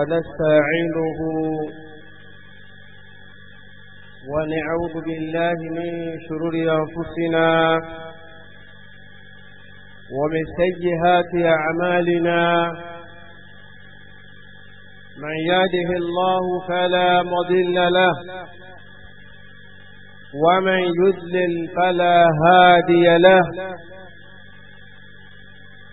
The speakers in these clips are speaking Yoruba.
ونستعينه ونعوذ بالله من شرور أنفسنا ومن سيئات أعمالنا من يهده الله فلا مضل له ومن يذلل فلا هادي له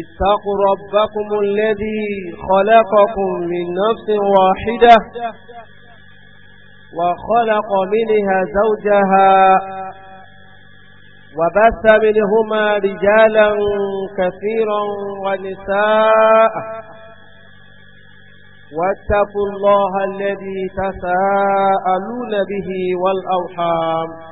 اتقوا ربكم الذي خلقكم من نفس واحدة وخلق منها زوجها وبث منهما رجالا كثيرا ونساء واتقوا الله الذي تساءلون به والأوحام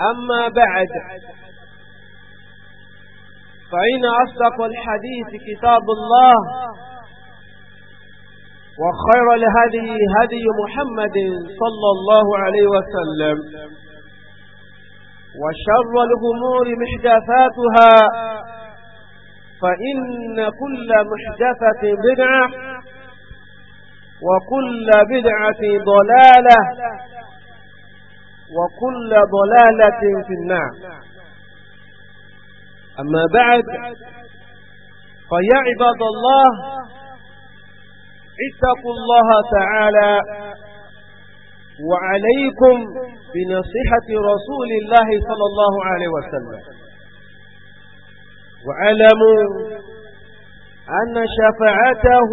أما بعد فإن أصدق الحديث كتاب الله وخير الهدي هدي محمد صلى الله عليه وسلم وشر الأمور محدثاتها فإن كل محدثة بدعة وكل بدعة ضلالة وكل ضلالة في النار أما بعد فيا عباد الله اتقوا الله تعالى وعليكم بنصيحة رسول الله صلى الله عليه وسلم وعلموا أن شفاعته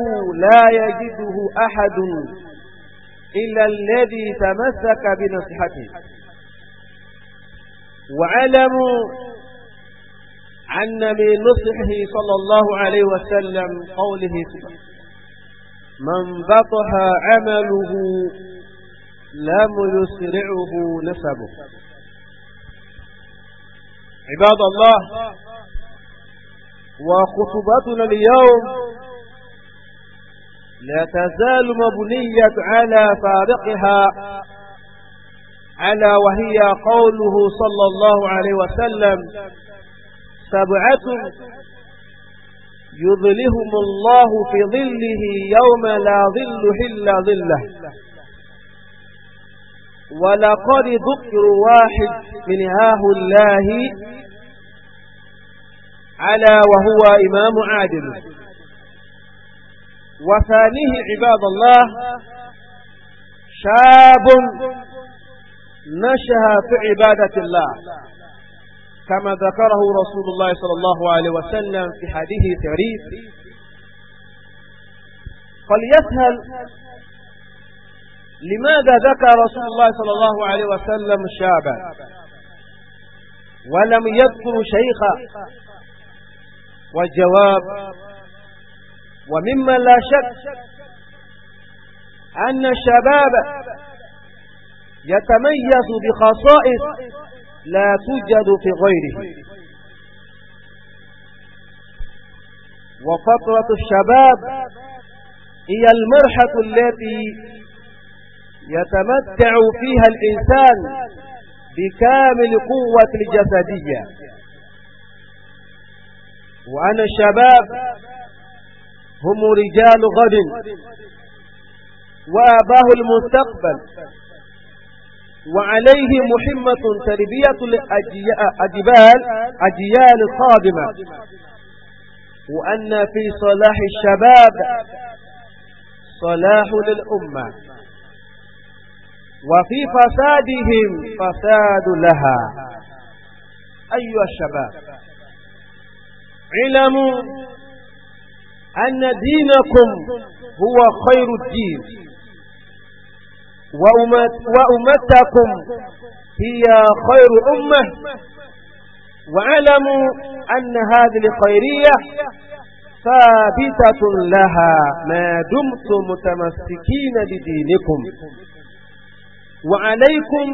لا يجده أحد إلا الذي تمسك بنصحته وعلموا أن من نصحه صلى الله عليه وسلم قوله من بطح عمله لم يسرعه نسبه عباد الله وخطبتنا اليوم لا تزال مبنية على فارقها على وهي قوله صلى الله عليه وسلم سبعة يظلهم الله في ظله يوم لا ظل إلا ظله ولقد ذكر واحد من هاه الله على وهو إمام عادل وثانيه عباد الله شاب نشأ في عبادة الله كما ذكره رسول الله صلى الله عليه وسلم في حديث تعريف فليسهل لماذا ذكر رسول الله صلى الله عليه وسلم شابا ولم يذكر شيخا والجواب ومما لا شك أن الشباب يتميز بخصائص لا توجد في غيره وفترة الشباب هي المرحة التي يتمتع فيها الإنسان بكامل قوة الجسدية وأن الشباب هم رجال غد وآباه المستقبل وعليه مهمة تربية الأجيال أجيال قادمة وأن في صلاح الشباب صلاح للأمة وفي فسادهم فساد لها أيها الشباب علموا أن دينكم هو خير الدين وأمتكم هي خير أمة واعلموا أن هذه الخيرية ثابتة لها ما دمتم متمسكين بدينكم وعليكم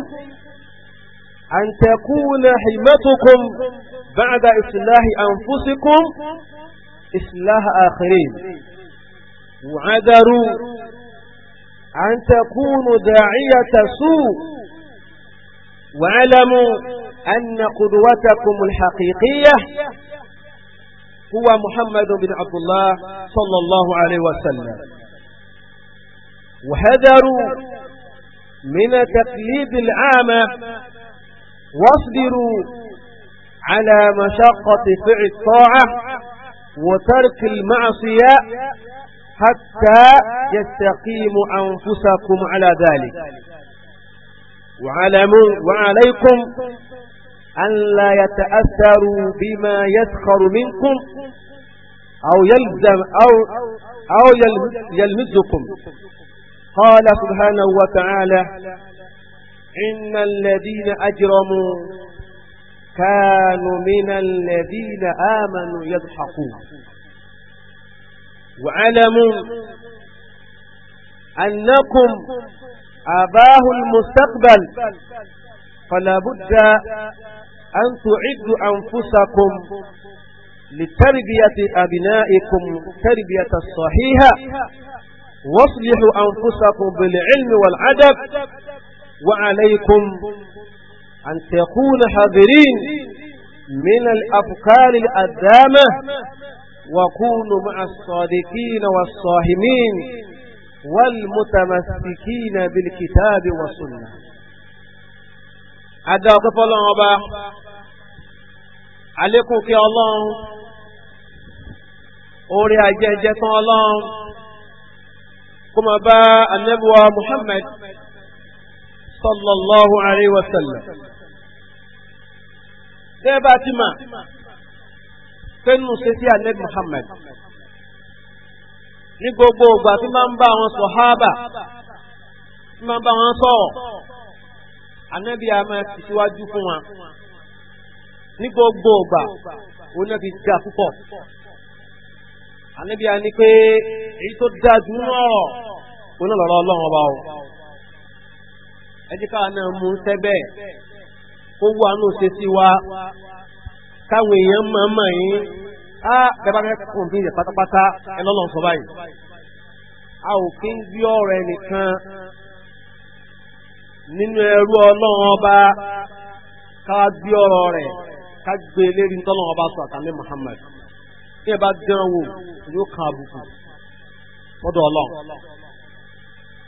أن تكون حمتكم بعد إصلاح أنفسكم إصلاح آخرين وعذروا أن تكون داعية سوء واعلموا أن قدوتكم الحقيقية هو محمد بن عبد الله صلى الله عليه وسلم وحذروا من تقليد العامة واصبروا على مشقة فعل الطاعة وترك المعصية حتى يستقيم أنفسكم على ذلك وعلموا وعليكم أن لا يتأثروا بما يسخر منكم أو يلزم أو, أو يلمزكم قال سبحانه وتعالى إن الذين أجرموا كانوا من الذين آمنوا يضحكون وعلموا أنكم أباه المستقبل فلا بد أن تعدوا أنفسكم لتربية أبنائكم تربية الصحيحة واصلحوا أنفسكم بالعلم والعدب وعليكم أن تكون حذرين من الأفكار الأدامة وكونوا مع الصادقين والصاهمين والمتمسكين بالكتاب والسنة أدعو كفى الله عليكم في الله أوري أجهجة الله كما با النبوة محمد صلى الله عليه وسلم دابا تما فنو سيتي النبي محمد ní gbogbo ìgbà tí máa ń bá àwọn sọ̀hábà tí máa ń bá wọn sọ̀rọ̀ ànábì a máa ti síwájú fún wa ní gbogbo ìgbà òun náà ti dá púpọ̀ ànábì a pé èyí tó dáa jù náà òun náà lọ́rọ̀ ọlọ́run ọba o. ẹjíká náà mú sẹ́bẹ̀ ó wà ní òṣèṣì wa táwọn èèyàn máa mọ̀ yín á bẹ́ẹ̀ bá fẹ́ kùn bí ìyẹn pátápátá ẹ lọ́lọ́ sọ báyìí a ò kí ń gbé ọ̀rọ̀ ẹnìkan nínú ẹrú ọlọ́run ọba ká gbé ọ̀rọ̀ rẹ̀ ká gbé e lérí tọ́lọ́run ọba sọ àtàlẹ́ Muhammad bí ẹ bá dán wò yóò kan àbùkù lọ́dọ̀ ọlọ́run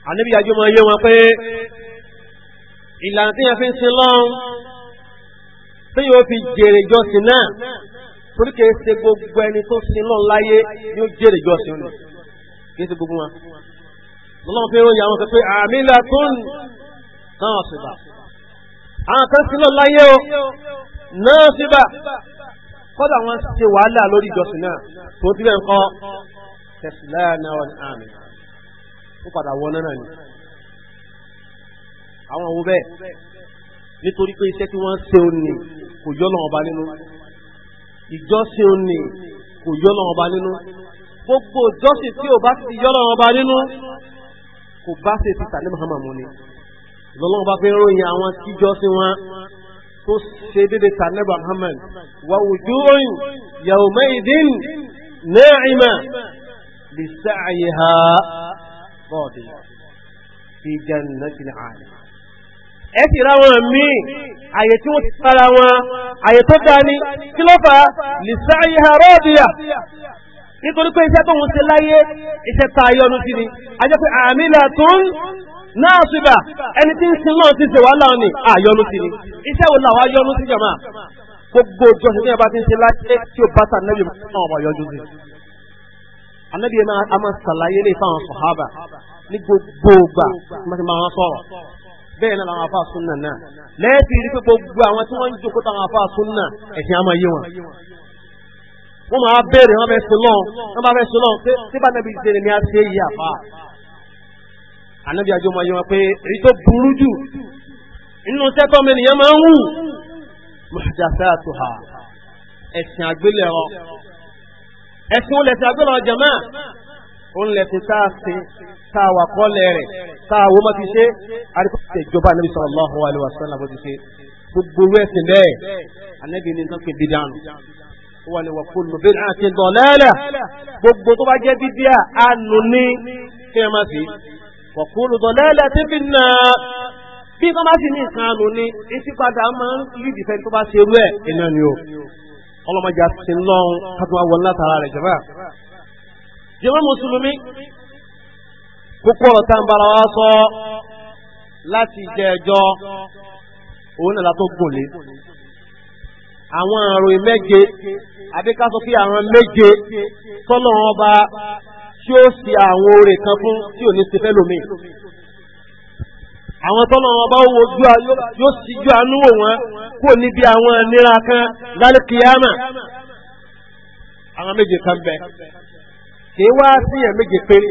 àníbi yé wọn ìlànà tí yẹn fi ń sin lọ́run tí yóò fi jèrè jọ́sìn náà torí kìí ṣe gbogbo ẹni tó sin lọ́run láyé yóò jèrè jọ́sìn ni kìí ṣe gbogbo wọn. lọ́wọ́n fi ròyìn àwọn kan pé àmì ilẹ̀ tó ń náà ṣùgbà àwọn kan sin lọ́run láyé o náà ṣùgbà kọ́dà wọn ṣe wàhálà lórí ìjọsìn náà tó ti bẹ́ẹ̀ ń kọ́ tẹ̀síláyà náà wọn àmì ó padà wọ náà ni àwọn wo bẹ́ẹ̀ nítorí pé iṣẹ́ tí wọ́n ṣe ò ní kò yọ lọ́wọ́ ọba nínú ìjọsìn ò ní kò yọ lọ́wọ́ ọba nínú gbogbo ìjọsìn tí ò bá ti yọ lọ́wọ́ ọba nínú kò bá ṣe ti tàlẹ́ Muhammad mu ni lọ́lọ́wọ́ bá fi ń ròyìn àwọn tíjọsìn wọn tó ṣe dédé tàlẹ́ Muhammad wà wùjú òyìn yawma idin na'ima li sa'yiha radiya fi jannatil 'aliya ẹ sì ra wọn míì àyè tí wọ́n ti para wọn àyè tó dáa ní kí ló fà á lè sáyé àrọ́ọ̀dìyà nítorí pé iṣẹ́ tó ń ṣe láyé iṣẹ́ ta ayọ́nu sí ni a jẹ́ pé àmì ilẹ̀ tó ń náà ṣùgbà ẹni tí ń sin náà ti ṣe wàhálà ni àyọ́nu sí ni iṣẹ́ wo làwọn ayọ́nu sí jàmá gbogbo ìjọsìn ní ọba ti ń ṣe láyé tí ó bá sànẹ́bí náà ọmọ yọjú sí. Ànábì yẹn a máa ṣàlàyé lè sọ̀hábà ní gbogbo ìgbà tí wọ́n ti sọ̀rọ̀ bẹ́ẹ̀ náà làwọn afáà súnà náà lẹ́ẹ̀tì rí pé gbogbo àwọn tí wọ́n ń jókòó táwọn afáà súnà ẹ̀sìn àmọ́ yé wọn. wọ́n máa bẹ̀rẹ̀ wọ́n fẹ́ sọlọ́n wọ́n máa fẹ́ sọlọ́n pé síbà nàbí ṣe ni a ṣe yí àfa. ànábì àjọ máa yé wọn pé èyí tó burú jù nínú sẹ́tọ́ mi nìyẹn máa ń wù muhadasatuha ẹ̀sìn àgbélẹ̀rọ ẹ̀sìn olè òun lẹ́sìn tá a sin tá a wà kọ́lẹ̀ rẹ̀ tá a wo ma ti ṣe àdìpọ̀ ìjọba anabi sallallahu alaihi wasallam bó ti ṣe gbogbo ẹ̀sìn bẹ́ẹ̀ anabi ní nǹkan kìí dídá nù wọ́n ni wọ́n kún un bíi àti dọ̀lẹ́lẹ̀ gbogbo tó bá jẹ́ bídíà àánú ní kí ẹ má sí wọ́n kún un dọ̀lẹ́lẹ̀ tí fi nà bí wọ́n bá sì ní nǹkan àánú ní etí padà máa ń lùdì fẹ́ tó bá ṣe rú ẹ̀ iná ni o ọlọ́mọdé àti sinlọ́ọ̀ kátó jàmá mùsùlùmí púpọ̀ tàǹbàrà wa sọ láti jẹ ẹjọ́ òun nàlá tó gùn lé àwọn àròyìn méje àbíkásọ kí àwọn méje tọ́lọ̀ ọba tí ó sì àwọn oore kan fún tí ò ní ṣe fẹ́ lómi àwọn tọ́lọ̀ ọba yóò sì ju àánú wò wọ́n kò ní bí àwọn nira kan lálẹ́ kìíyàmà àwọn méje kan bẹ́ẹ̀ kì í wá sí ẹ̀ méje péré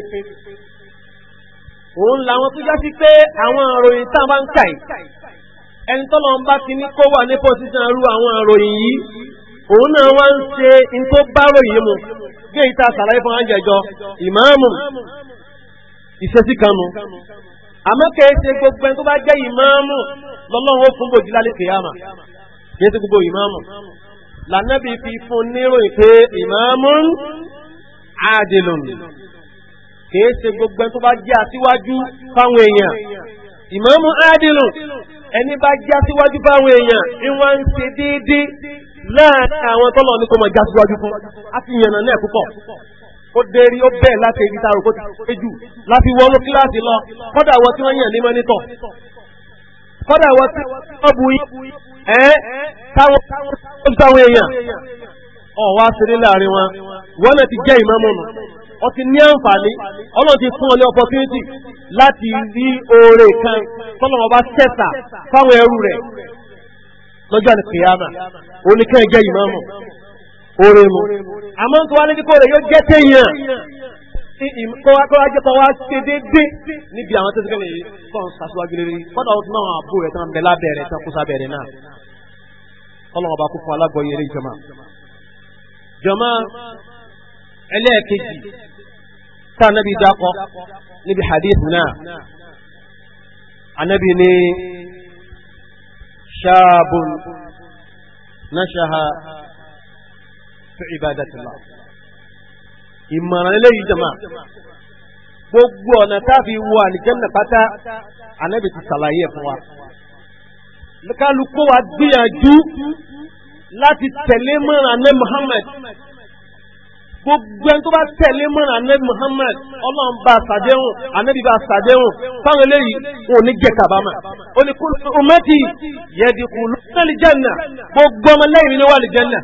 òun làwọn tó já sí pé àwọn ìròyìn tá a bá ń kà yìí ẹni tọ́lọ́ ń bá ti ní kó wà ní pọ́sítàn rú àwọn ìròyìn yìí òun náà wá ń ṣe n tó bá ròyìn mu bí èyí tá a ṣàlàyé fún wọn jẹjọ ìmáàmù ìṣesí kan mu àmọ́ kìí gbogbo ẹni tó bá jẹ́ ìmáàmù lọ́lọ́run ó fún bòjú lálẹ́ kìyàmà kìí ṣe gbogbo ìmáàmù lànàbí àádìlùn kìí ṣe gbogbo tó bá jẹ́ aṣíwájú fáwọn èèyàn ìmáàmù àádìlùn ẹni bá jẹ́ aṣíwájú fáwọn èèyàn ni wọ́n ń ṣe déédéé láàárín àwọn tọ́lọ̀ ní kò mọ̀ já síwájú fún àti ìyànnà náà púpọ̀ ó dérí ó bẹ́ẹ̀ láti ibi tààrù kó ti pé jù láti wọnú kíláàsì lọ kọ́dà wọ́n tí wọ́n yàn ní mọ́nítọ̀ kọ́dà wọ́n tí wọ́n bu yín ẹ́ táwọn èèyàn ọ̀wá sílé láàrin wọn wọ́n náà ti jẹ́ ìmọ̀mọ́nù ọ ti ní àǹfààní ọlọ́run ti fún ọ ní opportunity láti rí oore kan tọ́lọ́wọ́ bá tẹ̀sà fáwọn ẹrú rẹ̀ lọ́jọ́ àti kìyàmà oníkẹ́ jẹ́ ìmọ̀mù oore mu àmọ́ tó wá lẹ́dí rẹ̀ yóò jẹ́ téèyàn kọ́wájẹ́ kọ́wá ṣe déédéé níbi àwọn yìí kọ́ sàṣíwájú lérí náà àbúrò ẹ̀ tán tán kó náà kọ́lọ́wọ́ bá kó fún ìjọba jọmọ ẹlẹ́ẹ̀kejì tá anabi dakọ níbi hadith náà anabi ní ṣaabun nashaha fi ibadatillah ìmọ̀ràn eléyìí jọmọ gbogbo ọ̀nà táàfi wo àlìjẹ́nà pátá anabi ti ṣàlàyé fún wa kálukú wa gbìyànjú láti tẹ̀lé mọ́ra ní Muhammad gbogbo ẹni tó bá tẹ̀lé mọ́ra ní Muhammad ọlọ́run bá sàdéhùn anábì bá sàdéhùn fáwọn eléyìí wọn ò ní jẹ kàbámà ó ní kó ọmọdé yẹdi kù lọ́sẹ̀ lè jẹ́nà gbogbo ọmọ lẹ́yìn mi ní wà lè jẹ́nà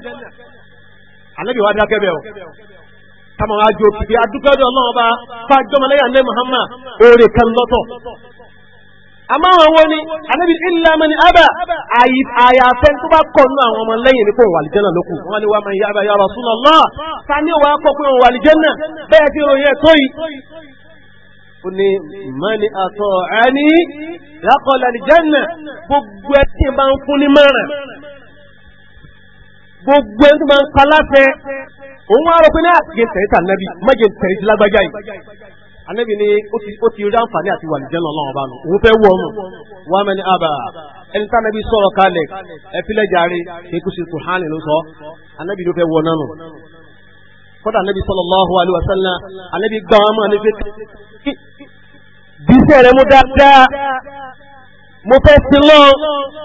anábì wa dákẹ́ bẹ́ẹ̀ o táwọn ajo kìkì adúgbò ọlọ́run bá fájọ́mọlẹ́yà ní Muhammad oore kan lọ́tọ̀ àmọ́ àwọn wo ni anábì illa man aba àyàfẹ́ tó bá kọ̀ nínú àwọn ọmọ lẹ́yìn ní kò wà àlìjẹ́nà lókù wọ́n ní wà man yaba ya Rasulullah ta ní wà kọ́ pé wà àlìjẹ́nà bẹ́ẹ̀ tí ròyìn ẹ̀tọ́ yìí ó ní man ata'ani dakhala àlìjẹ́nà gbogbo ẹ̀ tí bá ń fún ní mẹ́rin gbogbo ẹ̀ tó bá ń pa láfẹ́ òun wá rọ pé ní àtìgẹ́ tẹ̀rẹ́tà anabi ni ó ti rí àǹfààní àti wàlìjẹ́ lọ́wọ́ ọba nù òun fẹ́ wọ̀ ọ́nù wà mẹ́ni àbà ẹni tí anabi sọ̀rọ̀ kalẹ̀ ẹ̀fílẹ̀ jàre kéku sí kùhánì ló sọ anabi ló fẹ́ wọ̀ nánu kódà anabi sallallahu alaihi wasallam anabi gbà wọn mọ́ anabi fẹ́ bísẹ̀ rẹ̀ mú dáadáa mo fẹ́ sin lọ́n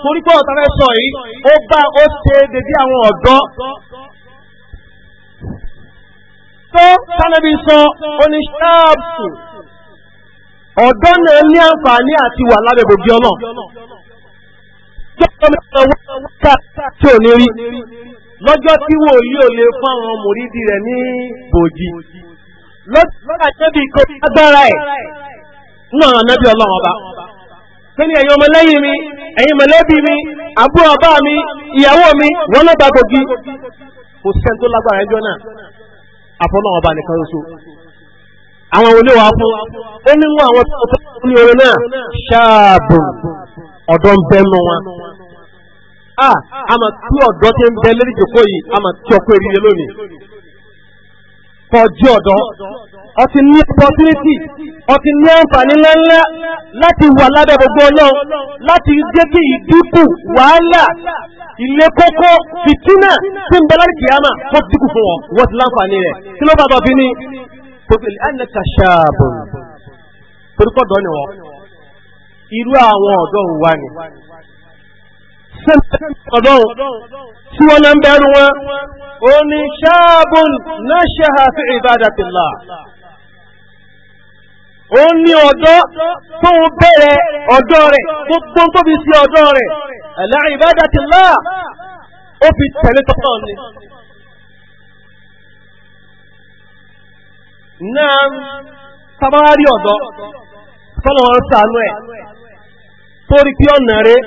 torí pé ọ̀tá fẹ́ sọ yìí ó bá ó ṣe dédé àwọn ọ̀dọ́ tó tánàbí sọ oníṣàbù ọ̀dọ́ náà ní àǹfààní àti wà lábẹ́ gbòógì ọ̀nà tó mẹ́ta wákà tí ò ní rí lọ́jọ́ tí wò yí ò lè fún àwọn mòrídì rẹ̀ ní bòjì lọ́jọ́ àjẹ́bí kò agbára ẹ̀ náà nẹ́bí ọlọ́run ọba sẹ́ni ẹ̀yin ọmọlẹ́yìn mi ẹ̀yin mọ̀lẹ́bí mi àbúrò ọba mi ìyàwó mi wọ́n lọ́ba kò sẹ́ni lágbára ẹjọ́ náà àfọlọ́wọ́n bá nìkan ṣoṣo àwọn olówó fún ó nínú àwọn tó ní orin náà ṣáàbù ọ̀dọ́ ń bẹ́ mọ́ wọn a àmà tí ọ̀dọ́ ti ń bẹ lórí ìjòkó yìí àmà tí ọkọ̀ èrìlẹ̀ kọjú ọ̀dọ́ ó ti ní opportunity ó ti ní àǹfààní ńláńlá láti wà lábẹ́ gbogbo ọlọ́run láti jẹ́ kí ìdínkù wàhálà ilé kókó fìtínà tí ń bẹ lórí kìyàmà kó dínkù fún wọn wọ́n ti láǹfààní rẹ̀ kí ló bá bọ̀ fi ní. tòbìlì ẹnìkà ṣáàbò torúkọ dọ́ ni irú àwọn ọ̀dọ́ wa ni ọ̀dọ́run tí wọ́n náà ń bẹ̀rù wọn ó ṣáàbùn náà ṣe àfi ìbádàtìlá ó ní ọ̀dọ́ tó ń bẹ̀rẹ̀ ọ̀dọ́ rẹ̀ tó tó ń tóbi sí ọ̀dọ́ rẹ̀ ala ibadatillah ó fi tẹ̀lé tọ́tọ́ ni. náà sábàárì ọ̀dọ́ tọ́lọ́ sànú ẹ̀ torí pé ọ̀nà rẹ̀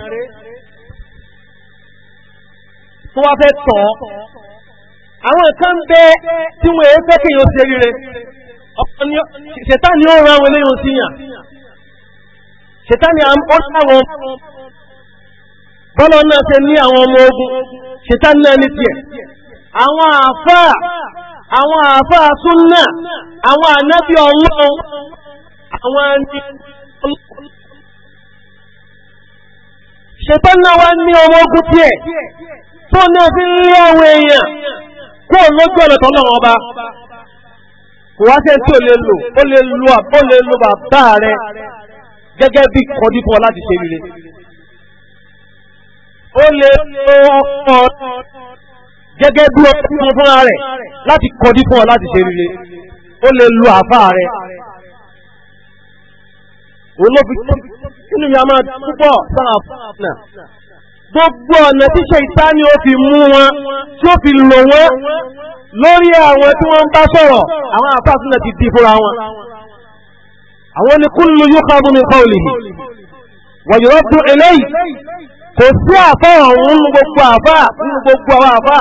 tó wá fẹ́ tọ̀ àwọn kan bẹ tí wọ́n èé fẹ́ kéèyàn ṣe rire ṣẹ̀tá ni ó rán wọlé yóò sí yàn ṣẹ̀tá ni ó láwọn bọ́lọ̀ náà ṣe ní àwọn ọmọ ogun ṣẹ̀tá náà ní tiẹ̀ àwọn àfáà àwọn àfáà súnnà àwọn ànábì ọlọ́run àwọn ẹni ṣẹ̀tá náà wá ní ọmọ ogun tiẹ̀ tó náà fi ń lé àwọn èèyàn kó lójú ọ̀nà tọ́lọ́wọ́n ọba kò wá sẹ́ni tí ò lè lò ó lè lo ó lè lo bàbá rẹ gẹ́gẹ́ bí kọ́dí láti ṣe rere. ó lè lo ọkọ gẹ́gẹ́ bí ọkùnrin fúnra rẹ̀ láti kọ́dí láti ṣe rere. ó lè lo àbá rẹ. olóbi kí ni mi a máa púpọ̀ sáà fún àfúnà gbogbo ọ̀nà tí ṣètánì ó fi mú wọn tí ó fi lò wọ́n lórí àwọn tí wọ́n ń bá sọ̀rọ̀ àwọn àfáàsùnà ti di fúnra wọn àwọn ni kullu yukhadhu min qawlihi wa yuraddu ilayhi kò sí àfá ọ̀hún nínú gbogbo àfá nínú gbogbo àwọn àfá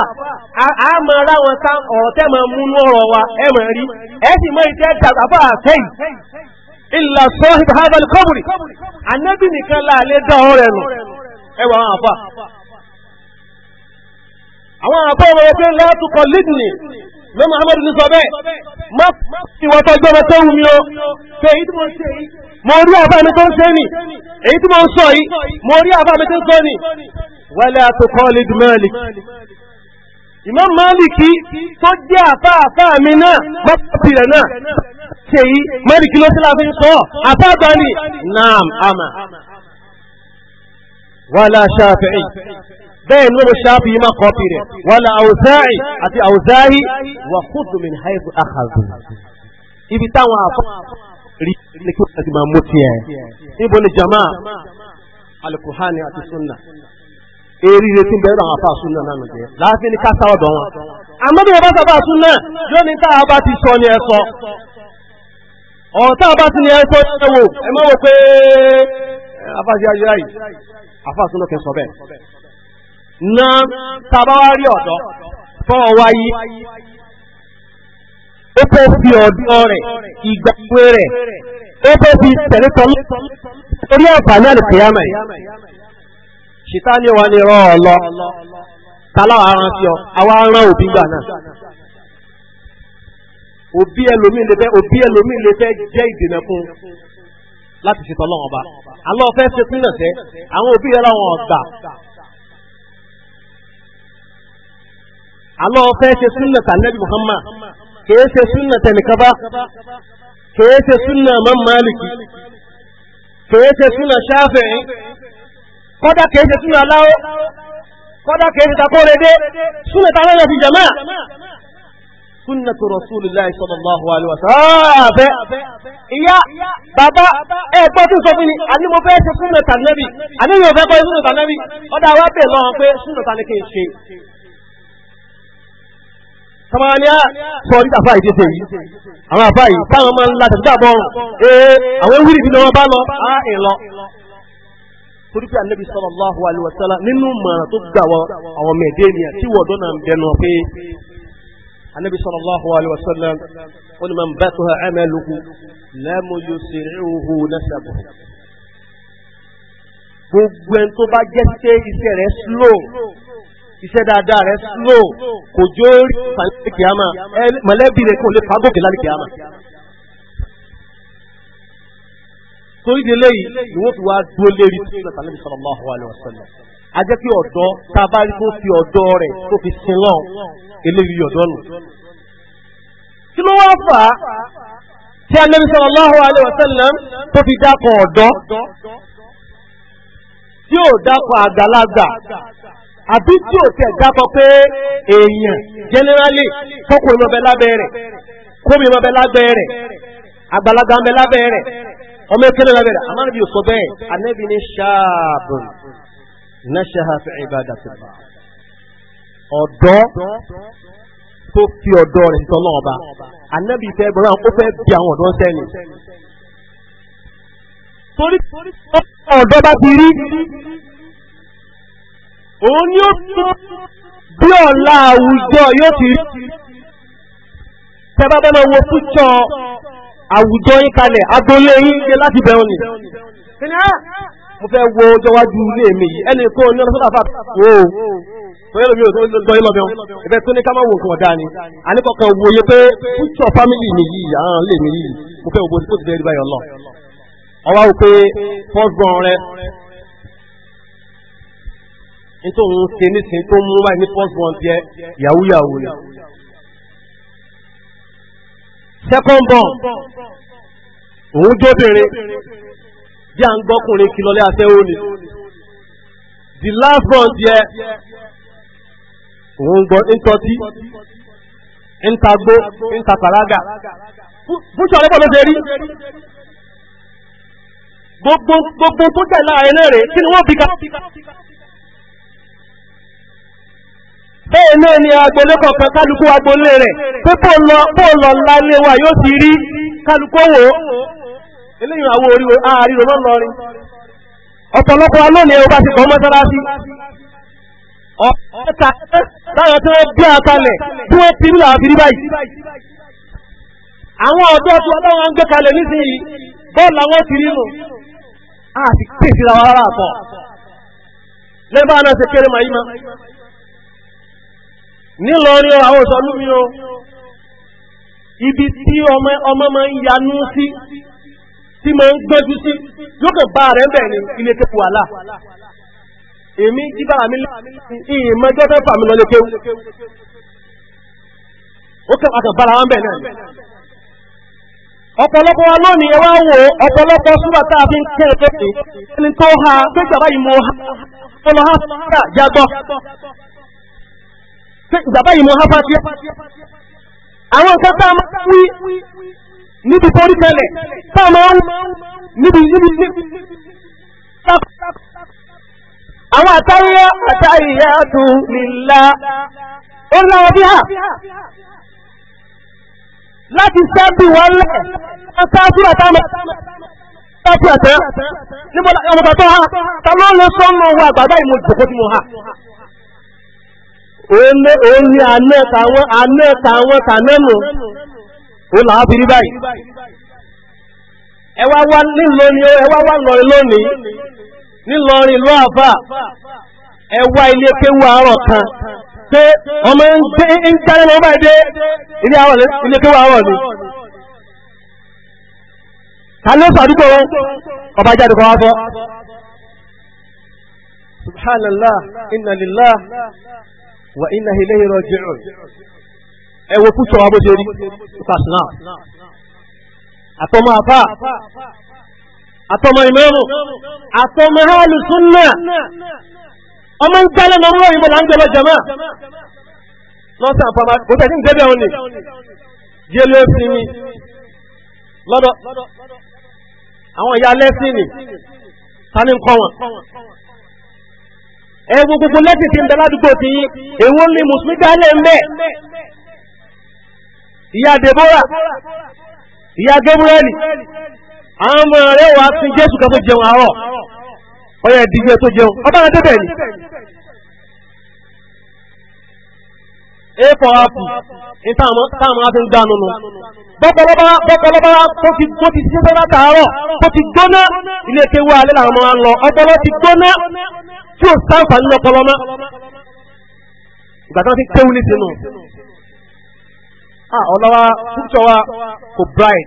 a mọ̀ ráwọn ọ̀rọ̀ tẹ́ mọ̀ múnú ọ̀rọ̀ wa ẹ mọ̀ rí ẹ sì mọ̀ ìtẹ́ àfá àtẹ́yìn illa sahib hadha al-qabr anábì nìkan láàlẹ́ dá ọ̀rẹ́ nù ẹwà àwọn àfà àwọn àfà ọmọ ẹgbẹ́ látúkọ̀ lídìní lọ́mọ amadu ní sọ bẹ́ẹ̀ má fi wọ́n tọ́jú ọmọ tó wù mí o pé èyí tí mo ń ṣe yìí mo rí àbá mi tó ń ṣe nì èyí tí mo ń sọ yìí mo rí àbá mi tó ń sọ nì wala tuqalid Malik Imam Maliki tó jẹ́ àfá àfá mi náà mọ́pàtí rẹ̀ náà ṣe yìí Maliki ló sí láti sọ àfá àgbà ni naam ama wala ṣáfi'ì bẹ́ẹ̀ ló ṣáfi yìí máa kọ́pì rẹ̀ wala àwùzáì àti àwùzáì wà kúndùn mi ní haifu akhazu ibi táwọn àfọ rí ní kí wọ́n ti máa mú tiẹ̀ níbo ni jama alukuhani àti sunna eri retí bẹ́ẹ̀ náà àfa sunna náà nìjẹ́ láàfin ní kásáwà dán wọn. àmọ́ bí ti sọ ọ̀tá bá ti ní ẹ sọ ẹ pé Afa ayé afa afáàsì olókè sọ na tabawa rí ọ̀dọ́ fọwọ́ wáyé ó fẹ́ fi ọ̀dọ́ rẹ, ìgbàgbé rẹ̀ ó fẹ́ fi tẹ̀lé tọ́lú orí àǹfààní àlùkìyàmẹ̀ ṣìtá ni wọn ni rán ọ lọ taláwa aran sí ọ àwa obi òbí gbà náà òbí ẹlòmíì lè òbí ẹlòmíì láti ṣe tọ́lọ́wọ́n ọba àlọ́ fẹ́ ṣe pínlẹ̀ tẹ́ àwọn òbí rẹ̀ láwọn ọ̀gbà àlọ́ fẹ́ ṣe súnà tàlẹ́bí Muhammad kìí ṣe súnà tẹnìkan bá kìí ṣe súnà Imam Maliki kìí ṣe súnà Shafi'i kọ́dá kìí ṣe súnà aláwọ̀ kọ́dá kìí ṣe takóredé súnà tàlẹ́bí Jama sunnatu rasulillahi sallallahu alaihi wa sallam. Ah, ah, ìyá bàbá ẹ gbọ́ tí n sọ fún mi àní mo fẹ́ ṣe sunnata nẹ́bì àní mi ò fẹ́ kọ́ sunnata nẹ́bì ọ̀dà wa bẹ̀ lọ́wọ́ pé sunnata ni kì í ṣe. Samaniya sọ ní àfáà ìdí sèyí. Àwọn àfáà yìí táwọn máa ń la tàbí dàbọ̀ ọ̀rùn. Ee àwọn wíìlì bí wọ́n bá lọ á ìlọ. Torí pé ànábì sallallahu alaihi wa sallam nínú mọ̀ràn tó gbà wọ àwọn mẹ̀dẹ́nìyà tí wọ́n dọ́nà ń bẹnu pé النبي صلى الله عليه وسلم قل من باتها عمله لم يسرعه نسبه gbogbo ẹni tó bá jẹ́ pé iṣẹ́ rẹ̀ slow iṣẹ́ dáadáa rẹ̀ slow kò jó rí ìpàdé kìáma mọ̀lẹ́bí rẹ̀ kò lè fagókè lálẹ́ kìáma. torí délé yìí ni wọ́n fi wá dúró lérí tí wọ́n tàbí sallallahu alaihi wasallam a jẹ́ pé ọ̀dọ́ tá a bá rí kó fi ọ̀dọ́ rẹ̀ tó fi sin lọ́n eléyìí ọ̀dọ́ nù. kí ló wá fà á tí Ànábì sallallahu alaihi wasallam tó fi dákọ̀ ọ̀dọ́ tí ò dákọ̀ àgbàlagbà àbí tí ò tẹ̀ dákọ̀ pé èèyàn jẹ́nẹ́rálì fọ́kùnrin ọbẹ̀ lábẹ́ rẹ̀ kómi ọbẹ̀ lábẹ́ rẹ̀ àgbàlagbà ọbẹ̀ lábẹ́ rẹ̀ ọmọ ekele lábẹ́ rẹ̀ nashaha fi ibadatillah ọ̀dọ́ tó fi ọ̀dọ́ rẹ̀ ń tọ́lọ́ ọba anábì fẹ́ bọ́lá ó fẹ́ bí àwọn ọ̀dọ́ sẹ́ni. torí ọ̀dọ́ bá ti rí òun ni ó bí ọ̀la àwùjọ yóò ti rí tẹ́bá bọ́lá wo fújọ àwùjọ yín kalẹ̀ agboolé yín ṣe láti bẹ̀rù ni mo fẹ́ wo ọjọ́ wájú ilé mi yìí ẹni tó ní ọlọ́sọ́dà fà wò ó tọ́yẹ́ lómi òtún lọ́gbọ́ yín lọ́bẹ̀ ẹ̀fẹ́ tó ní ká má wo nǹkan ọ̀dá ni àníkọ̀kan wo yẹ pé future family mi yìí àwọn ilé mi yìí mo fẹ́ wo bó ti fẹ́ rí báyọ̀ lọ. ọwọ́ wo pé first born rẹ nítorí òun ṣe nísìnyí tó mú báyìí ní first born tiẹ̀ yahoo yahoo ni. second born òun jóbìnrin bí à ń gbọ́kùnrin kìlọ́lẹ́ aṣẹ́wó ni the last front yẹ òun gbọ́ ntọ́tí ntagbó ntakàlágà fún sọ̀rọ̀ bọ́ ló ṣe rí gbogbo tó jẹ́ láàrin lẹ́rẹ̀ kí ni wọ́n bí ká. bẹ́ẹ̀ náà ni agbolé kọ̀ọ̀kan kálukú agbolé rẹ̀ pé kó lọ lálé wa yóò ti rí kálukú wò ó. eléyìn àwọn orí ààríro lọ́lọ́rin ọ̀pọ̀lọpọ̀ alónìí ẹ̀rọ bá ti kọ́ mọ́sálásí ọ̀pẹ́ta táwọn tí wọ́n gbé tí wọ́n ti rí làwọn fi rí báyìí àwọn ọ̀dọ́ tí wọ́n láwọn ń gbé kalẹ̀ nísìnyí bọ́ọ̀lù àwọn ti rí nù A ti pèsè ra rárá àpọ̀ lẹ́bà náà ṣe kéré màá yí ma nílọrin àwọn òṣèlú mi o ibi tí ọmọ máa ń yanú sí tí mo ń gbọ́jú sí yóò kàn bá rẹ̀ bẹ̀ ní ilé kéwu àlá èmi tí bá mi ìmọ̀ ẹjọ́ fà mí lọ lé ó kàn àkàn bára wọn bẹ̀ náà ọ̀pọ̀lọpọ̀ wa lónìí ẹ wá wò ọ̀pọ̀lọpọ̀ súrà tá a fi ń kẹ́ ẹ pé ẹni tó ha pé bàbá yìí mo ha tó lọ ha fúnra jágbọ́ pé yìí mo ha fà tiẹ̀ àwọn nǹkan máa wí níbi tó rí kalẹ̀ táwọn ọ̀hún níbi níbi tí àwọn àtàríyá àtàríyá tún nílá ó láwọn bí hà láti sábì wọn lẹ̀ ọ̀sáájú àtàmọ̀ sábì àtẹ́ níbo ọmọ bàbá ha ta ló ń lọ sọ́nà owó àgbàdo ìmọ̀ ìjòkó tí mo ha, òun ni àná tàwọn àná tàwọn tànẹ́nu. ó là á fi rí báyìí ẹ wá wá nílòní ẹ wá wá lọrin lónìí nílọrin ìlú àfà ẹ wá ilé kan pé ọmọ ń gbé ń jáde lọ báyìí dé ilé ni ta ló sàdúgbò wọn ọba jáde kọ́ wá fọ́ subhanallah inna lillah wa inna ilayhi raji'un. ẹ wo púpọ̀ wa bó ṣe rí ìfàsínà àtọmọ àfà àtọmọ ìmọ̀ràn àtọmọ hálù súnà ọmọ ń gbálẹ̀ lọ rọ ìmọ̀ràn ń jẹlọ jẹmọ́ lọ́sẹ̀ àpamọ́ kò tẹ̀sí ń débi àwọn ni díẹ̀ ló fi mi lọ́dọ̀ àwọn ìyá lẹ́sìn ni tani ń kọ́ wọn ẹ gbogbo lẹ́sìn ti ń bẹ ládùúgbò ti yín èwo ni mùsùlùmí dálé ń bẹ́ẹ̀ ìyá Débórà ìyá Gébúrẹ́lì àwọn ọmọ rẹ̀ wà sí Jésù kan tó jẹun àárọ̀ ọyọ ìdíje tó jẹun ọba náà débẹ̀ ni. e for apple ní táwọn máa fi ń gbanu nù bọ́pọ̀lọ́pọ̀ tó ti tó ti ṣiṣẹ́ látàárọ̀ tó ti gbóná ilé kéwú alẹ́ làwọn máa ń lọ ọpọlọ ti gbóná tí ò sáǹfà nínú ọpọlọ mọ́ ìgbà tí wọ́n ti kéwú ní sinú ah ọlọ́wà púpọ̀ o kò bright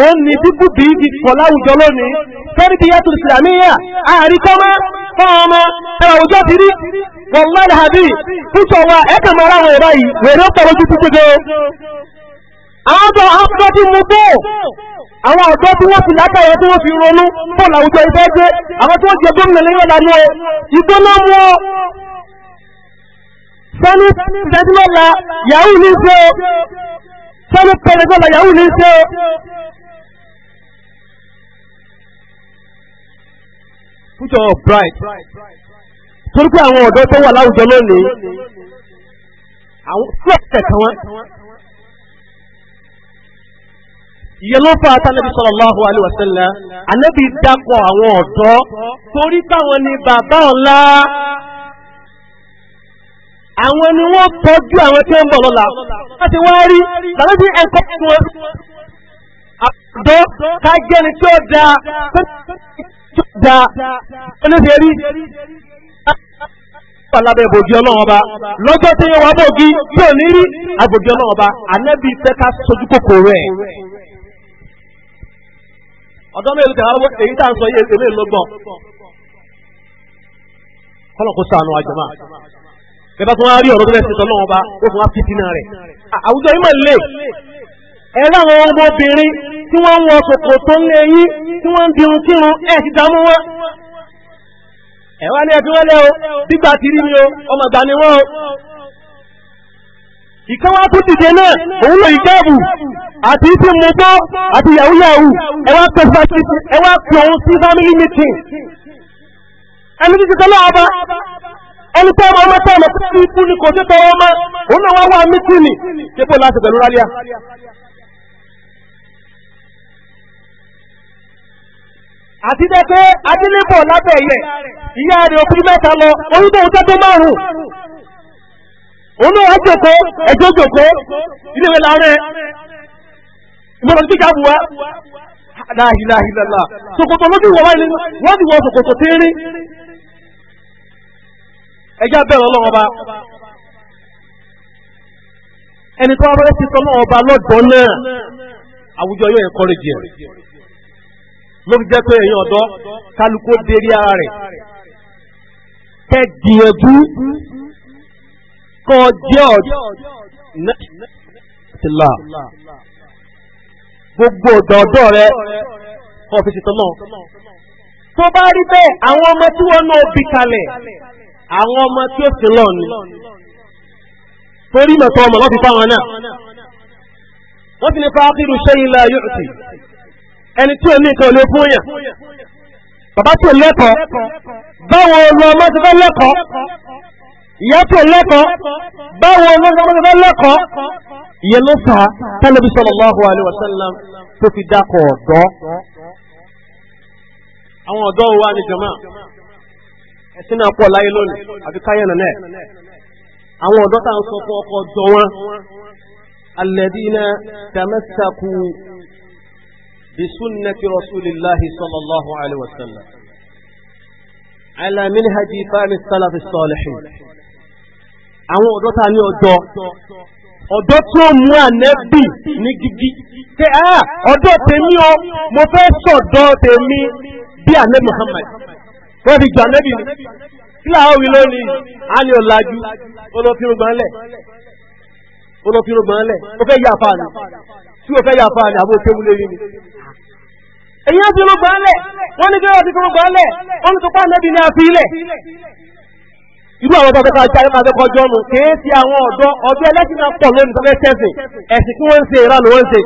òun ni bíbú bí ibi kọ̀ láwùjọ lónìí fẹ́rí bí yàtọ̀ ìsìlámíyà àríkọ́mọ́ fọ́ọmọ tẹ́wà òjò ti rí wọ́n láì hàbí púpọ̀ mọ́ra wọn ẹ̀rọ yìí wèrè ó pọ̀lọ́jú púpọ̀ jẹ́ àwọn ti mú bó àwọn ọ̀dọ́ tí wọ́n látàyẹ tí wọ́n fi ronú ìfẹ́ gbé àwọn tí wọ́n jẹ gómìnà lẹ́yìn ìgbóná mú sani sẹ́dúlọ́la yahoo ní ṣe o sani pẹ̀lẹ́dọ́la yahoo ní ṣe o. Future of bride torí pé àwọn ọ̀dọ́ tó wà láwùjọ lónìí àwọn tí ọ̀sẹ̀ kan wọn. ìyẹn ló fà tánàbí sallallahu alaihi wasallam ànábì dápọ̀ àwọn ọ̀dọ́ torí táwọn ni bàbá ọ̀la. àwọn ni wọ́n tọ́jú àwọn tí ó ń bọ̀ lọ́la láti wá rí tàbí sí ẹ̀kọ́ fún wọn àdó kájẹ́ni tí ó da tó da oníṣẹ́ rí alábẹ́ ìbòjì ọlọ́run ọba lọ́jọ́ tí yóò wá bòjì tí ò ní rí àbòjì ọlọ́run ọba ànẹ́bí fẹ́ sojú kòkò rẹ̀ ọ̀dọ́ mẹ́rin kàrà èyí tá à ń sọ yé èlé lọ́gbọ̀n sànù àjọmọ́. bẹ́ẹ̀ bá tún wá rí ọ̀rọ̀ tó bá ó fún wá rẹ̀ àwùjọ yìí lè ọmọbìnrin tí wọ́n ń wọ tó ń tí wọ́n ń dirun kírun ẹ̀ ti o gbígbà ti rí ọmọ ìgbà ni o tó dìde náà òun àti àti òun sí family ẹni tẹ́ ọmọ tẹ́ ọmọ tí kú ní kò sí tọwọ́ ọmọ òun náà wá wá mítí ni ṣépò láti rálíà àti jẹ́ pé adílébọ̀ lábẹ́ ìyá rẹ̀ mẹ́ta lọ oyún tó tẹ́ tó márùn-ún òun náà wá jòkó ẹjọ́ jòkó lójú sokoto ẹjá bẹ̀rẹ̀ ọlọ́run ọba ẹni tó wá fẹ́ ti sọ náà ọba lọ́dọ̀ náà àwùjọ yóò encourage ẹ̀ ló fi jẹ́ pé èèyàn ọ̀dọ́ kálukú dérí ara rẹ̀ kẹ́ gbìyànjú kọ́ jẹ́ ọ̀dọ́ gbogbo ọ̀dọ́ rẹ kọ́ fi ti sọ tó bá rí bẹ́ẹ̀ àwọn ọmọ tí wọ́n náà bí kalẹ̀ àwọn ọmọ tí ó sì lọ ni torí mọ̀tọ́ ọmọ lọ́fi fáwọn náà wọ́n ti ní fa ákìrù ṣẹ́yìn la yóò ti ẹni tí ò ní nǹkan olè fún yàn bàbá tí ò lẹ́kọ̀ọ́ báwo ni ọmọ ti fẹ́ lẹ́kọ̀ọ́ ìyá tí ò lẹ́kọ̀ọ́ báwo ni ọmọ ti fẹ́ lẹ́kọ̀ọ́ ìyẹn ló fà á tẹ́lẹ̀bí sallallahu alaihi tó fi dákọ̀ ọ̀dọ́ àwọn ọ̀dọ́ wa ni jọ̀mọ́ ẹ̀sìn náà pọ̀ láyé lónìí àbí káyọ̀ nà náà àwọn ọ̀dọ́ tá à ń sọ fún ọkọ̀ jọ wọn alladina tamassaku bisunnati rasulillahi sallallahu alayhi wa sallam ala minhaji fami salafi salihin àwọn ọ̀dọ́ tá ní ọjọ́ ọ̀dọ́ tí ó mú ànẹ́bì ní gidi pé ah, ọ̀dọ́ tèmi o mo fẹ́ sọ̀dọ́ tèmi bí ànẹ́ Muhammad wọ́n fi gbà nẹ́bì ní tí làwọn wí lónìí a ní ọ̀làjú olófinrúgbọ̀nlẹ̀ olófinrúgbọ̀nlẹ̀ ó fẹ́ yà fáà ní tí ó fẹ́ yà fáà ní àbó kéwúlé rí ni. èyí á fi ológbọ̀nlẹ̀ wọ́n ní kí wọ́n ti fúnrúgbọ̀nlẹ̀ wọ́n ní tó pa nẹ́bì ní àfilẹ̀ irú àwọn ọba kẹta ajá máa kẹkọọ jọ nù kéé ti àwọn ọ̀dọ́ ọ̀dọ́ ẹlẹ́sìn náà pọ̀ lónìí tó fẹẹ tẹsìn ẹ̀sìn tí wọ́n ń ṣe ìranù wọ́n ń ṣe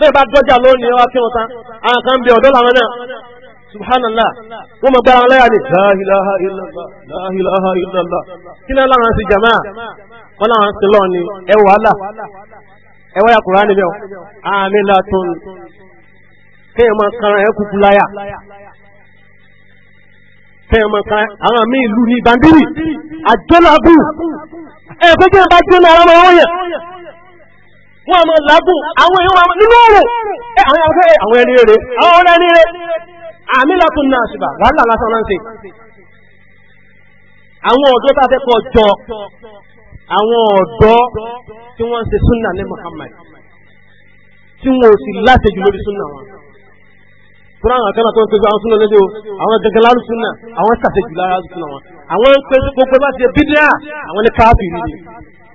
bẹ́ẹ̀ bá dọjà lónìí ọwọ́ akínwọta àwọn kan subhanallah wọ́n mọ̀ gbára láyà ní la ilaha kí náà láwọn sí jama wọ́n láwọn sí lọ ya kùránì bẹ́ẹ̀ àmì látún kéèyàn máa kan ẹ kúkú láyà kéèyàn máa kan àwọn míì lù ní bandiri àjọlábù ẹ bá náà ọmọ wọ́n àwọn èèyàn nínú ọ̀rọ̀ àwọn ẹni rẹ̀ àwọn àmìlàtún náà ṣùgbà wàhálà lásán náà ń ṣe àwọn ọ̀dọ́ tá a fẹ́ kọ́ jọ àwọn ọ̀dọ́ tí wọ́n ń ṣe súnà ní Muhammad tí wọ́n ò sì láti jù lórí súnà wọn fúnra àwọn akẹ́lá tó ń pèsè àwọn súnà lójú àwọn gẹ́gẹ́ lárú súnà àwọn ṣàṣejù lára súnà wọn àwọn ń pèsè gbogbo bá ti bídíà àwọn ní káàpì nìyí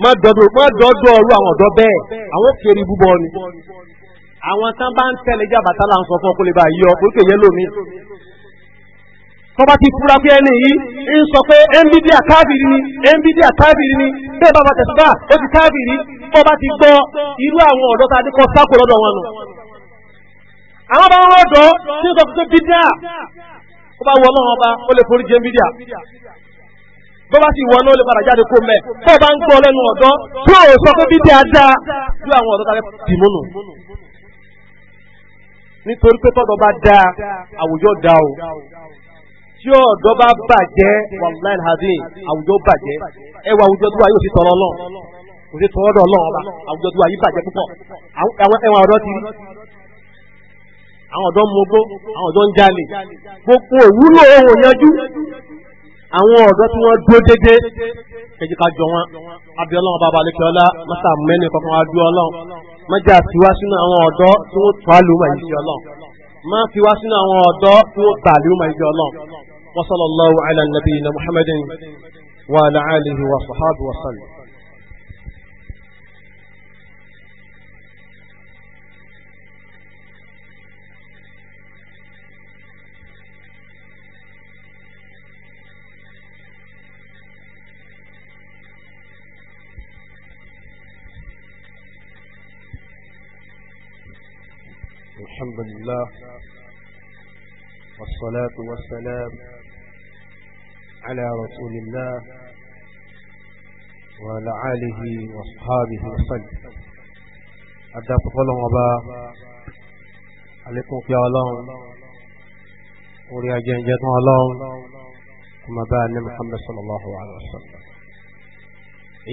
má dọ́dọ̀ ọ̀rú àwọn ọ̀dọ́ bẹ́ẹ̀ àwọn kéré búbọ ni àwọn tán bá ń tẹ̀lé jàbàtà là ń sọ fún ọ kó lè bá yí ọ kókè yẹ lómi. tọ́ba ti fura pé ẹni yìí ń sọ pé nbd àkáàbìrì ni nbd àkáàbìrì ni bẹ́ẹ̀ bàbá tẹ̀síbà ó ti káàbìrì tọ́ba ti gbọ́ irú àwọn ọ̀dọ́ tá a dín kọ́ sáko lọ́dọ̀ wọn nù. àwọn bá wọn ọ̀dọ́ tí ń sọ fún bídíà ó bá wọ ọlọ́run ọba ó lè forí jẹ bídíà tó bá sì wọnú lè padà jáde kó mẹ tó bá ń gbọ́ lẹ́nu ọ̀dọ́ tó o sọ pé bídíà a fẹ́ nítorí pé tọ́dọ̀ bá dáa àwùjọ dáa o tí ọ̀dọ́ bá bàjẹ́ wàláì hazin àwùjọ bàjẹ́ ẹwà àwùjọ tó wà yóò ti tọrọ lọ kò sí tọrọ dọ̀ lọ́wọ́ àwùjọ tó wà yìí bàjẹ́ púpọ̀ ẹwà ọ̀dọ́ ti rí àwọn ọ̀dọ́ mọ́gbó àwọn ọ̀dọ́ ń jalè gbogbo òwúlò ohun yanjú àwọn ọ̀dọ́ tí wọ́n dúró dédé kẹjìká jọ wọn abiola ọba balẹ̀ kẹọlá mọ́sàmẹ́ni kọ̀ọ̀kan adúọlọ́run má jà fi wá sínú àwọn ọ̀dọ́ tí wọ́n tọ́ àlùmọ̀ yìí fi ọlọ́run má fi wá sínú àwọn ọ̀dọ́ tí wọ́n tà àlùmọ̀ yìí fi ọlọ́run wa sallallahu ala nabiyina muhammadin wa ala alihi wa sahabi wa الحمد لله والصلاة والسلام على رسول الله وعلى آله وأصحابه وسلم أدى فقلهم أبا عليكم في الله وريا جنجتنا الله كما بأن محمد صلى الله عليه وسلم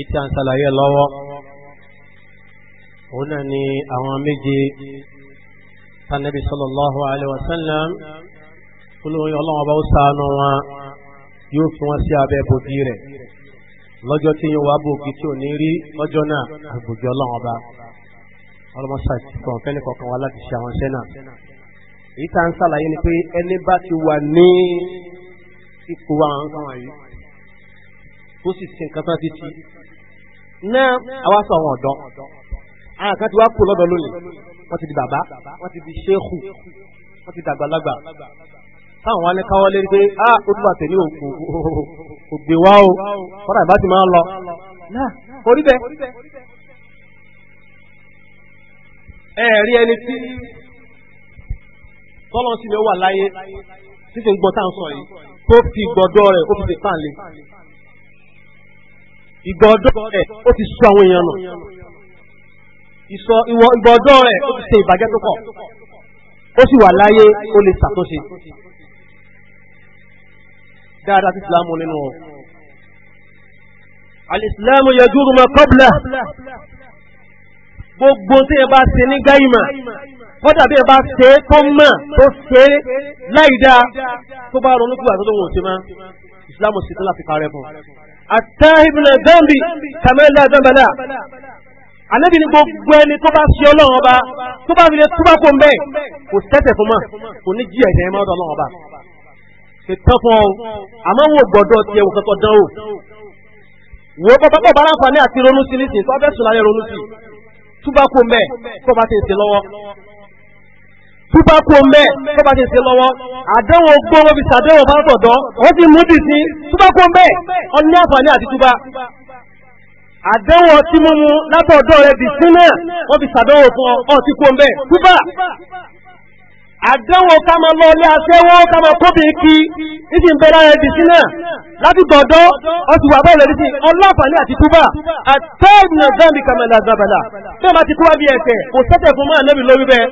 إتيان سلايا الله هنا ni àwọn tanabi sallallahu alayhi wa sallam olóyún ọlọ́wọ́n bá ó sànù wọn yóò fi wọn sí lọ́jọ́ tí yóò wá tí ò ní rí lọ́jọ́ náà ọlọ́mọṣà ti fẹ́ni láti ṣe àwọn iṣẹ́ náà èyí tá ń sàlàyé ni pé ẹni bá ti wà ní ipò àwọn sọ àwọn kan ti wá kú lọ́dọ̀ lónìí wọ́n ti di bàbá wọ́n ti di ṣéèkù wọ́n ti dàgbàlagbà táwọn wá ní káwọ́ lérí pé a ó tún bá tèmi ògbè wá o kọ́dà ìbá ti máa ń lọ náà orí bẹ́ẹ̀ ẹ̀ẹ̀rí ẹni tí tọ́lọ́ sí ni ó wà láyé títí ń gbọ́ tá à ń sọ yìí tó fi gbọ́dọ̀ rẹ̀ ó fi ti pàǹlẹ̀ ìgbọ́dọ̀ rẹ̀ ó ti sọ àwọn èèyàn nù ìsọ ìwọ ìgbọ̀dọ̀ rẹ̀ ó ti ṣe ìbàjẹ́ tó kọ̀ ó sì wà láyé ó lè ṣàtúnṣe dáadáa tí ìsìlámù nínú wọn. alìsìlámù yajuru ma qabla gbogbo tí ẹ bá ṣe ní gáyìmà kọ́dà bí ẹ bá ṣe tó mọ̀ tó ṣe láìdá tó bá ronú kúrò àtọ́tọ́ wọn ṣe máa ìsìlámù sí tó láti parẹ́ fún. àtàhìbìnà zambi kàmẹ́lá zambala ànábì ní gbogbo ẹni tó bá ṣe ọlọ́run ọba tó bá file tó bá kó ń bẹ́ẹ̀ kò tẹ́sẹ̀ fún mọ́ kò ní jí ẹ̀jẹ̀ ẹ̀ máa dọ̀ ọlọ́run ọba ṣe tán fún ọ àmọ́ wo gbọ́dọ̀ tiẹ̀ wò kankan dán o wò pọpọpọ bá láǹfààní àti ronú sí nísìnyí tó bá fẹ́ sùn lálẹ́ ronú sí tó bá kó ń bẹ́ẹ̀ tó bá ti ṣe lọ́wọ́ tó bá kó ń tó bá ti ṣe lọ́wọ́ àdánwò gbówó fi ṣàdánwò bá tọ̀dọ̀ ó ọ àdánwò tí mú mu látọ̀dọ̀ rẹ̀ di sínú wọ́n fi sàdánwò fún ọ ti kú ọmọ ẹ̀ kúbà àdánwò ká máa lọ ilé aṣẹ́wó ká máa kóbìnrin kí níbi ń bẹ̀rẹ̀ rẹ̀ di sínú láti gbọ̀dọ̀ ọ ti wà bẹ́ẹ̀ rẹ̀ sí ọlọ́pàá àti túbà àtẹ́ẹ̀nà zambi kamala zabala bí a máa ti kúwà bí ẹ̀fẹ̀ kò sẹ́tẹ̀ fún máa lẹ́bi lórí bẹ́ẹ̀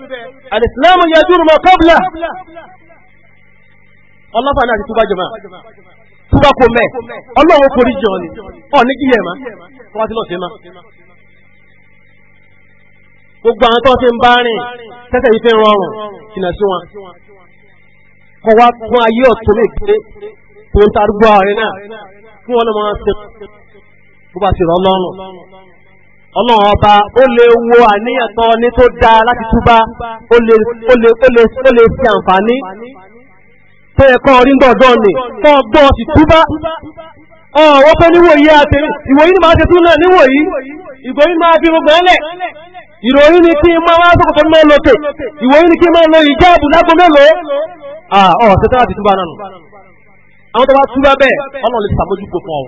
alìsílámù yẹ dúró mọ́ kọ́bùlà ọlọ́pàá àti tó bá kó mẹ́ ọlọ́run jọ ni ní kíyẹ̀ ma tó bá ti lọ sí má. gbogbo àwọn tó ti ń bá rìn tẹ́tẹ̀ yìí fi rọrùn jìnnà sí wọn. kọ́ wa kún ayé ọ̀tún lè gbé tó ń tarúgbó ààrẹ náà kí wọ́n lè máa bá ọba ó lè wo àníyàn tán ní tó dáa láti túbá ó lè ṣe àǹfààní tó yẹ kọ́ orí gbọ̀ngàn ni kọ́ gbọ́ sì túbá ọ̀wọ́ pé níwòyí àtẹ̀rí ìwòyí ni máa ṣe tún náà níwòyí ìgbòyí máa fi gbogbo ẹlẹ̀ ìròyìn ni kí n máa wá sọ́kọ̀tọ̀ mọ́ lókè ìwòyí ni kí n máa lo ìjáàbù lágbo mélòó ọ̀ ṣe tẹ́lá ti túbá náà nù àwọn tó bá túbá bẹ́ẹ̀ ọlọ́run lè ṣàmójúkò fún ọ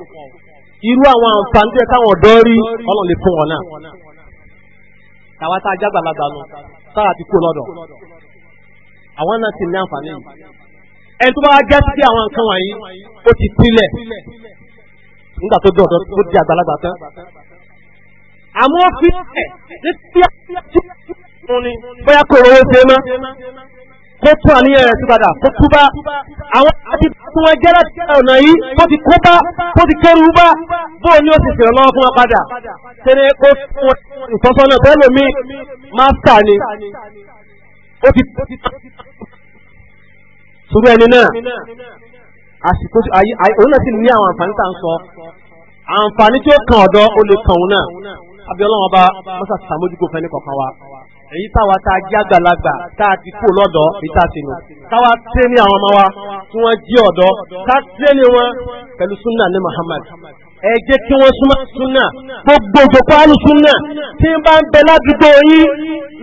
irú àwọn àǹfààní tẹ́ táwọn ọ̀dọ́ rí ọlọ́run lè fún wọn náà tàwa tá a jágbàlagbà nù sára ti kú lọ́dọ̀ àwọn náà ti ní àǹfààní yìí ẹni tó bá wá jásí sí àwọn nǹkan wọ̀nyí ó ti sílẹ̀ nígbà tó dọ̀dọ̀ tó di àgbàlagbà tán. àmọ́ fi ẹ̀ ní tí a ti mú ni bóyá kò rówó ṣe mọ́ kó tún àníyàn rẹ̀ sí padà kó tú bá àwọn àti tí wọ́n jẹ́ láti ṣe ọ̀nà yìí kó ti kó bá kó ti kẹ́rù bá bó ni ó sì ṣèrè lọ́wọ́ fún wọn padà tẹ́lẹ̀ kó fún wọn ìtọ́sọ́nà tẹ́lẹ̀ mi máa ń tà ni ó ti suru ẹni náà àsìkò òun náà sì ní àwọn àǹfààní tá à ń sọ àǹfààní tí ó kàn ọ̀dọ́ ó lè kàn òun náà abiyọlọ́wọ́ bá mọ́sá sàmójúkò fẹ́ ní wa èyí táwa tá a jẹ́ àgbàlagbà tá a ti kú lọ́dọ̀ níta sí nu káwa tẹ́ ní àwọn ọmọ wa tí wọ́n jí ọ̀dọ́ ká tẹ́ ní wọn pẹ̀lú sunna ní Muhammad ẹ jẹ́ kí wọ́n súnmọ́ súnà gbogbo òjòkó alùsúnà tí ń bá ń bẹ ládùúgbò yín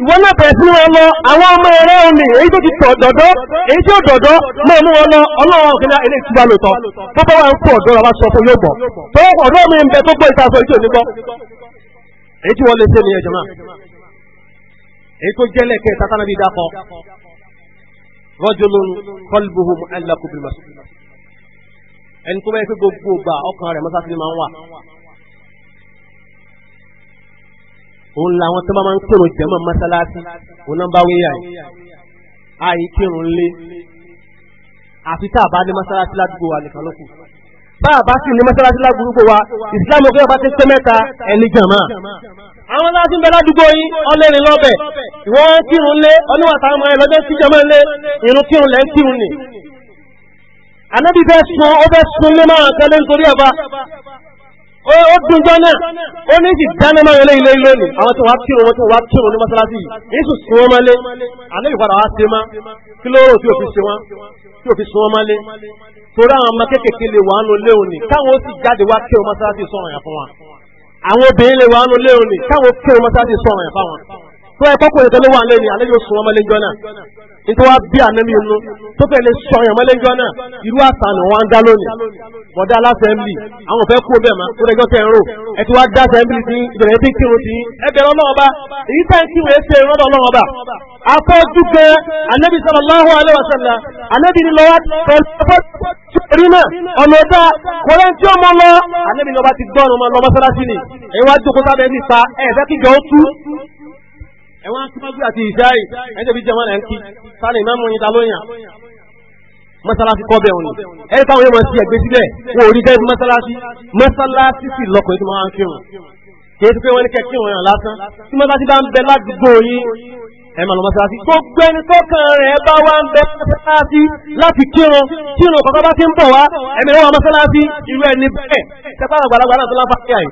ìwọ́n náà bẹ̀rẹ̀ sí wọn lọ àwọn ọmọ ẹ̀rẹ́ òní èyí tó ti tọ̀ dọ̀dọ́ èyí tí ó dọ̀dọ́ máa mú wọn lọ ọlọ́run òkèlá ilé ìtura lòtọ́ tó bá wà ń kó ọ̀dọ́ wa sọ fún yóò bọ̀ tó ọ̀dọ́ mi ń bẹ tó gbọ́ ìtaṣọ ìjọ nígbọ́ èyí tí wọ́n lè ṣe nìyẹn jọ̀mọ́ èyí tó jẹ́ lẹ́kẹ̀ẹ́ sátánà bíi dákọ̀ rọ́jò lóru kọ́lùbùhùn alákùnrin màsùlùmí ẹni tó bá yẹ pé gbogbo ìgbà ọkàn rẹ̀ mọ́sáàsì máa ń wà. òun làwọn tó máa ń kírun jẹ́mọ̀ mọ́sálásí òun náà bá wíyà yìí àyè kírun lé àfi tá a bá ní mọ́sálásí ládùúgbò wa nìkan lókù bá a bá sì ní mọ́sálásí ládùúgbò wa islam ọgbẹ́ ọba ti pé mẹ́ta ẹni jàmá. àwọn láti ń bẹ ládùúgbò yín ọlẹ́rìn lọ́bẹ̀ wọ́n kírun lé oníwàtà anábì fẹ́ sun ó fẹ́ sun lé máa kẹ́lé nítorí ẹ̀fà ó dùn jọ náà ó ní ti dáná máa yẹlé ilé lónìí àwọn tí wàá kírun wọn tí wàá kírun ní mọ́sálásí yìí sùn sun wọn mọ́lé anábì padà wá sí ma kí ló rò tí òfin sí wọn tí òfin sun wọn mọ́lé torí àwọn ọmọ kéékèèké lè wà á lò léwu ni káwọn ó sì jáde wá kírun mọ́sálásí sọ̀rọ̀ yẹn fún wa àwọn obìnrin lè wà á lò léwu ni káwọn ó kírun mọ́sálásí sọ̀rọ̀ yẹn fáwọn. tó ẹ kọ́kọ́ yẹn tó wà lé alẹ́ yóò náà nítorí wàá bí ànámi inú tó fẹ́ lè sọ ọyàn mọ́lẹ́jọ́ náà irú àtànà wọn dá lónìí bọ̀dá aláfẹ́ńbì àwọn fẹ́ kú bẹ́ẹ̀ máa kúrẹ́jọ́ tẹ̀ ń rò ẹ ti wá dá ìbẹ̀rẹ̀ ti ẹ bẹ̀rẹ̀ èyí ń kírun ẹ ṣe ìrọ́dọ̀ anabi sallallahu anabi anabi ti ọmọ ẹ̀wọ̀n akíwájú àti ìsáì ẹ̀jẹ̀ bí jẹ́wọ́n lẹ́ńkì sálẹ̀ ìmáàmù yín ta lóyàn mọ́sálásí kọ́ bẹ́ẹ̀ òní ẹ̀rí táwọn yóò mọ̀ sí ẹ̀gbẹ́ síbẹ̀ wọn ò rí gẹ́gẹ́ bí mọ́sálásí mọ́sálásí sì lọkùnrin tó máa ń kírun kì í ti pé wọ́n ní kẹ́kí wọn yàn lásán tí mọ́sálásí bá ń bẹ ládùúgbò yín ẹ máa lọ mọ́sálásí gbogbo ẹni tó kàn rẹ̀ bá wá ń bẹ mọ́sálásí láti kírun kírun kọ̀ọ̀kan bá ti ń bọ̀ wá ẹ̀mí lọ́wọ́ mọ́sálásí irú ẹni bẹ́ẹ̀ tẹ́pá àgbàlagbà náà tó láǹfààní àyè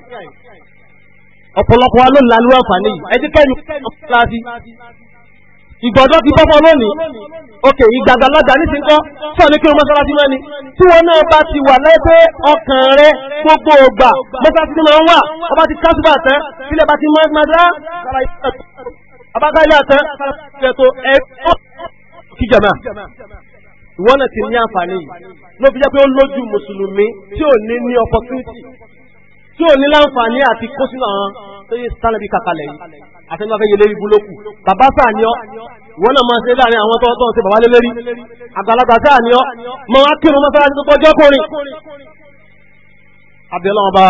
ọ̀pọ̀lọpọ̀ wa ló ń lanú àǹfààní yìí ẹ̀jẹ̀ kẹ́ni kíláàsì ìgbọ̀dọ̀ ti bọ́mọ lónìí ok ìgbàgbàlagbà nísìn kọ́ fún ọ̀lẹ́ kí o mọ́sálásí máa ni tí wọn náà bá ti wà lẹ́pẹ́ ọkàn rẹ gbogbo ògbà mọ́sálásí máa ń wà ọba ti kásùbà tán sílẹ̀ bá ti máa ń gbàdá abákáyà tán sílẹ̀ tó ẹ kíjàmá ìwọ́n náà ti ní àǹfààní yìí ló fi jẹ́ pé ó lójú mùsùlùmí tí ò ní ní opportunity tí ò ní láǹfààní àti kó sínú àwọn tó yẹ sálẹ̀bí kàkalẹ̀ yìí àtẹnudọ́ fẹ́ yẹ lérí búlókù bàbá sáà ni ọ́ ìwọ náà máa ṣe láàrin àwọn tó tọ́ ṣe bàbá lé lérí àgbàlagbà sáà ni ọ́ máa kírun mọ́sálásí tó pọ́jọ́ kùnrin. abiola ọba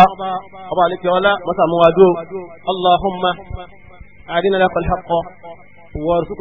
ọba àlekè ọlá mọ́sàmúwádó allahumma adina lakal haqqa wa